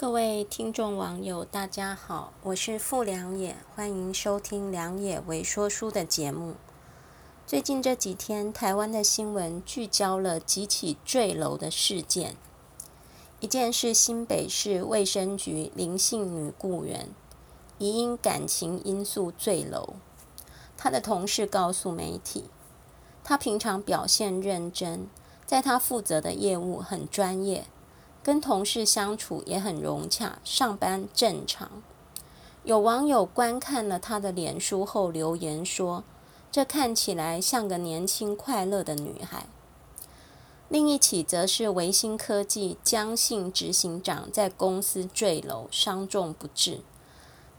各位聽眾網友，大家好，我是傅良也，歡迎收聽良也微說書的節目。最近這幾天，台灣的新聞聚焦了幾起墜樓的事件。一件是新北市衛生局林姓女僱員，疑因感情因素墜樓。她的同事告訴媒體，她平常表現認真，在她負責的業務很專業。跟同事相處也很融洽，上班正常。有網友觀看了她的臉書後留言說：“這看起來像個年輕快樂的女孩。”另一起則是微星科技江姓執行長在公司墜樓，傷重不治。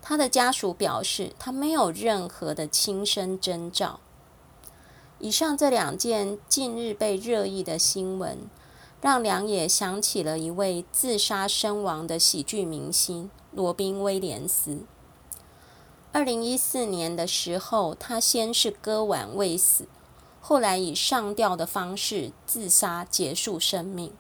他的家屬表示，他沒有任何的輕生徵兆。以上這兩件近日被熱議的新聞。讓良也想起了一位自殺身亡的喜劇明星羅賓·威廉斯。二零一四年的時候，他先是割腕未死，後來以上吊的方式自殺結束生命。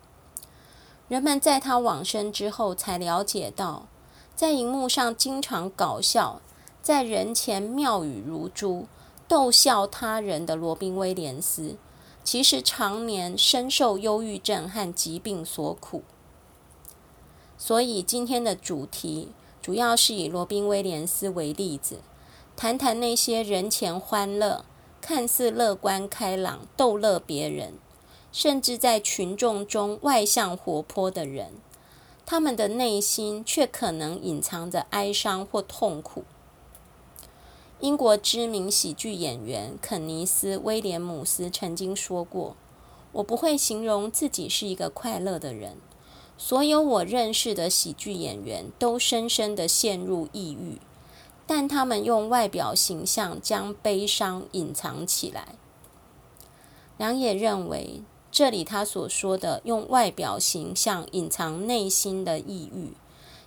人們在他往生之後，才了解到，在熒幕上經常搞笑，在人前妙語如珠、逗笑他人的羅賓·威廉斯。其實常年深受憂鬱症和疾病所苦，所以今天的主題主要是以羅賓·威廉斯為例子，談談那些人前歡樂、看似樂觀開朗、逗樂別人，甚至在群眾中外向活潑的人，他們的內心卻可能隱藏着哀傷或痛苦。英國知名喜劇演員肯尼斯·威廉姆斯曾經說過：“我不會形容自己是一個快樂的人。所有我認識的喜劇演員都深深地陷入抑鬱，但他們用外表形象將悲傷隱藏起來。”良也認為，這裡他所說的“用外表形象隱藏內心的抑鬱”，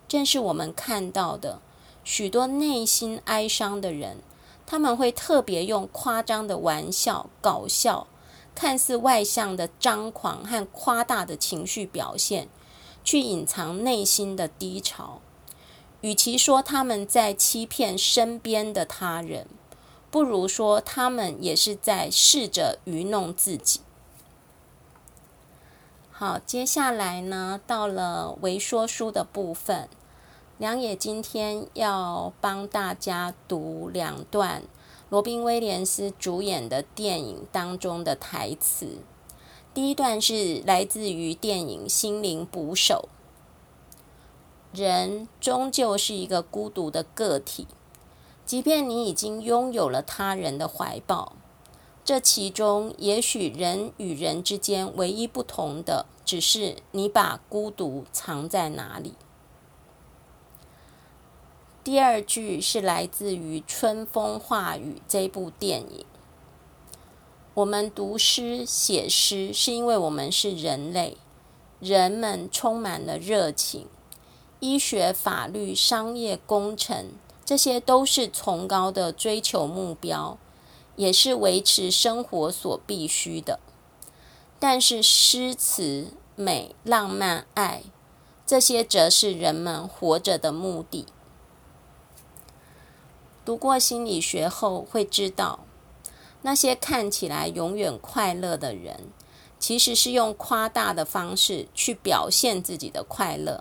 正是我們看到的。許多內心哀傷的人，他們會特別用誇張的玩笑、搞笑、看似外向的張狂和誇大的情緒表現，去隱藏內心的低潮。與其說他們在欺騙身邊的他人，不如說他們也是在試着愚弄自己。好，接下來呢，到了微說書的部分。良也今天要幫大家讀兩段羅賓·威廉斯主演的電影當中的台詞。第一段是來自於電影《心靈捕手》。人終究是一個孤獨的個體，即便你已經擁有了他人的懷抱，這其中也許人與人之間唯一不同的，只是你把孤獨藏在哪裡。第二句是來自於《春風化雨》這部電影。我們讀詩、寫詩，是因為我們是人類，人們充滿了熱情。醫學、法律、商業、工程、這些都是崇高的追求目標，也是維持生活所必須的。但是，詩詞、美、浪漫、愛，這些則是人們活着的目的。讀過心理學後，會知道那些看起來永遠快樂的人，其實是用誇大的方式去表現自己的快樂，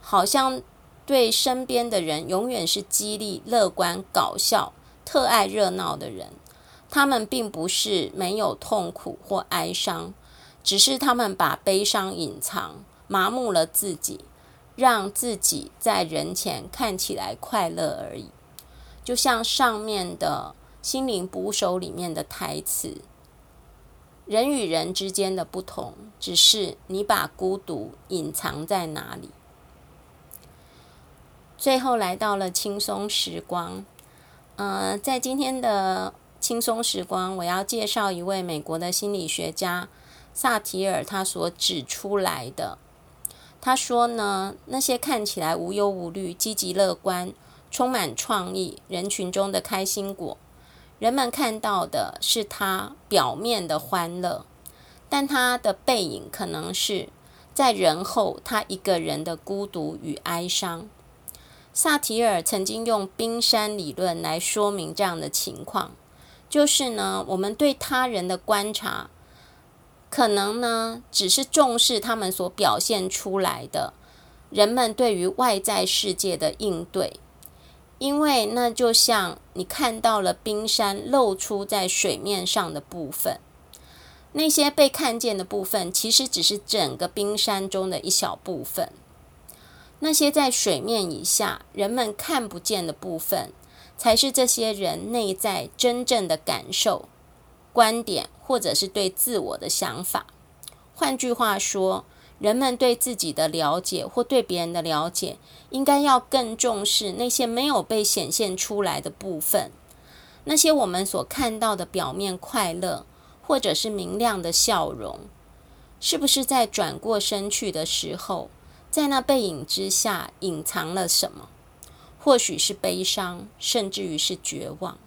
好像對身邊的人永遠是激勵、樂觀、搞笑、特愛熱鬧的人。他們並不是沒有痛苦或哀傷，只是他們把悲傷隱藏，麻木了自己，讓自己在人前看起來快樂而已。就像上面的《心靈捕手》裡面的台詞：“人與人之間的不同，只是你把孤獨隱藏在哪裡。”最後來到了輕鬆時光。呃，在今天的輕鬆時光，我要介紹一位美國的心理學家薩提爾，他所指出來的，他說呢，那些看起來無憂無慮、積極樂觀。充滿創意，人群中的開心果。人們看到的是他表面的歡樂，但他的背影可能是在人後，他一個人的孤獨與哀傷。薩提爾曾經用冰山理論來說明這樣的情況，就是呢，我們對他人的觀察，可能呢，只是重視他們所表現出來的，人們對於外在世界的應對。因為那就像你看到了冰山露出在水面上的部分，那些被看見的部分其實只是整個冰山中的一小部分，那些在水面以下人們看不見的部分，才是這些人內在真正的感受、觀點或者是對自我的想法。換句話說，人們對自己的了解或對別人的了解，應該要更重視那些沒有被顯現出來的部分。那些我們所看到的表面快樂，或者是明亮的笑容，是不是在轉過身去的時候，在那背影之下隱藏了什麼？或許是悲傷，甚至於是絕望。